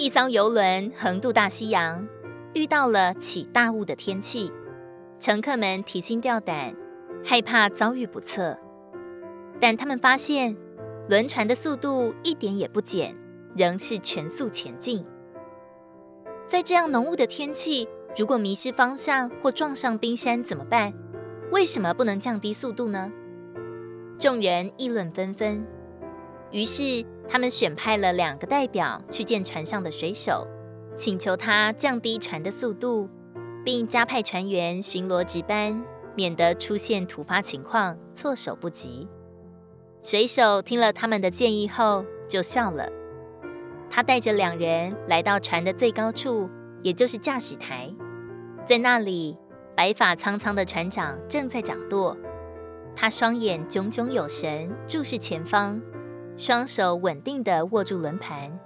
一艘遊輪橫渡大西洋，遇到了起大霧的天氣，乘客們提心吊膽，害怕遭遇不測。但他們發現，輪船的速度一點也不減，仍是全速前進。在這樣濃霧的天氣，如果迷失方向或撞上冰山怎麼辦？為什麼不能降低速度呢？眾人議論紛紛。於是，他們選派了兩個代表去見船上的水手，請求他降低船的速度，並加派船員巡邏值班，免得出現突發情況措手不及。水手聽了他們的建議後，就笑了。他帶着兩人來到船的最高處，也就是駕駛台，在那裡，白髮蒼蒼的船長正在掌舵，他雙眼炯炯有神，注視前方。雙手穩定地握住輪盤，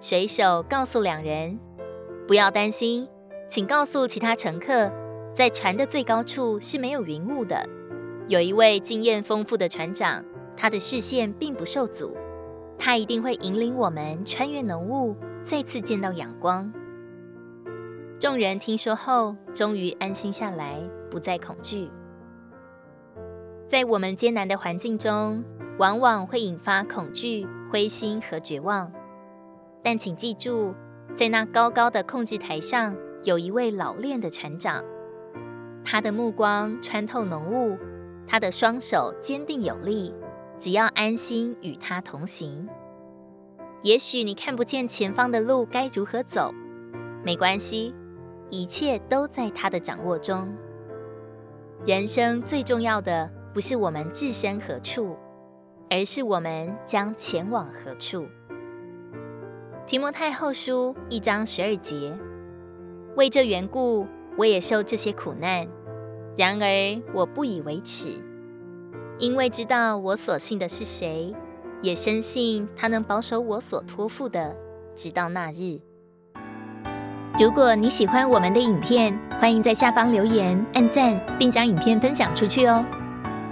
水手告訴兩人：“不要擔心，請告訴其他乘客，在船的最高處是沒有雲霧的。有一位經驗豐富的船長，他的視線並不受阻，他一定會引領我們穿越濃霧，再次見到陽光。”眾人聽說後，終於安心下來，不再恐懼。在我們艱難的環境中。往往會引發恐懼、灰心和絕望。但請記住，在那高高的控制檯上，有一位老練的船長，他的目光穿透濃霧，他的雙手堅定有力。只要安心與他同行，也許你看不見前方的路該如何走，沒關係，一切都在他的掌握中。人生最重要的不是我們置身何處。而是我們將前往何處？提摩太後書一章十二節。為這緣故，我也受這些苦難；然而我不以為恥，因為知道我所信的是誰，也深信他能保守我所託付的，直到那日。如果你喜歡我們的影片，歡迎在下方留言、按讚，並將影片分享出去哦。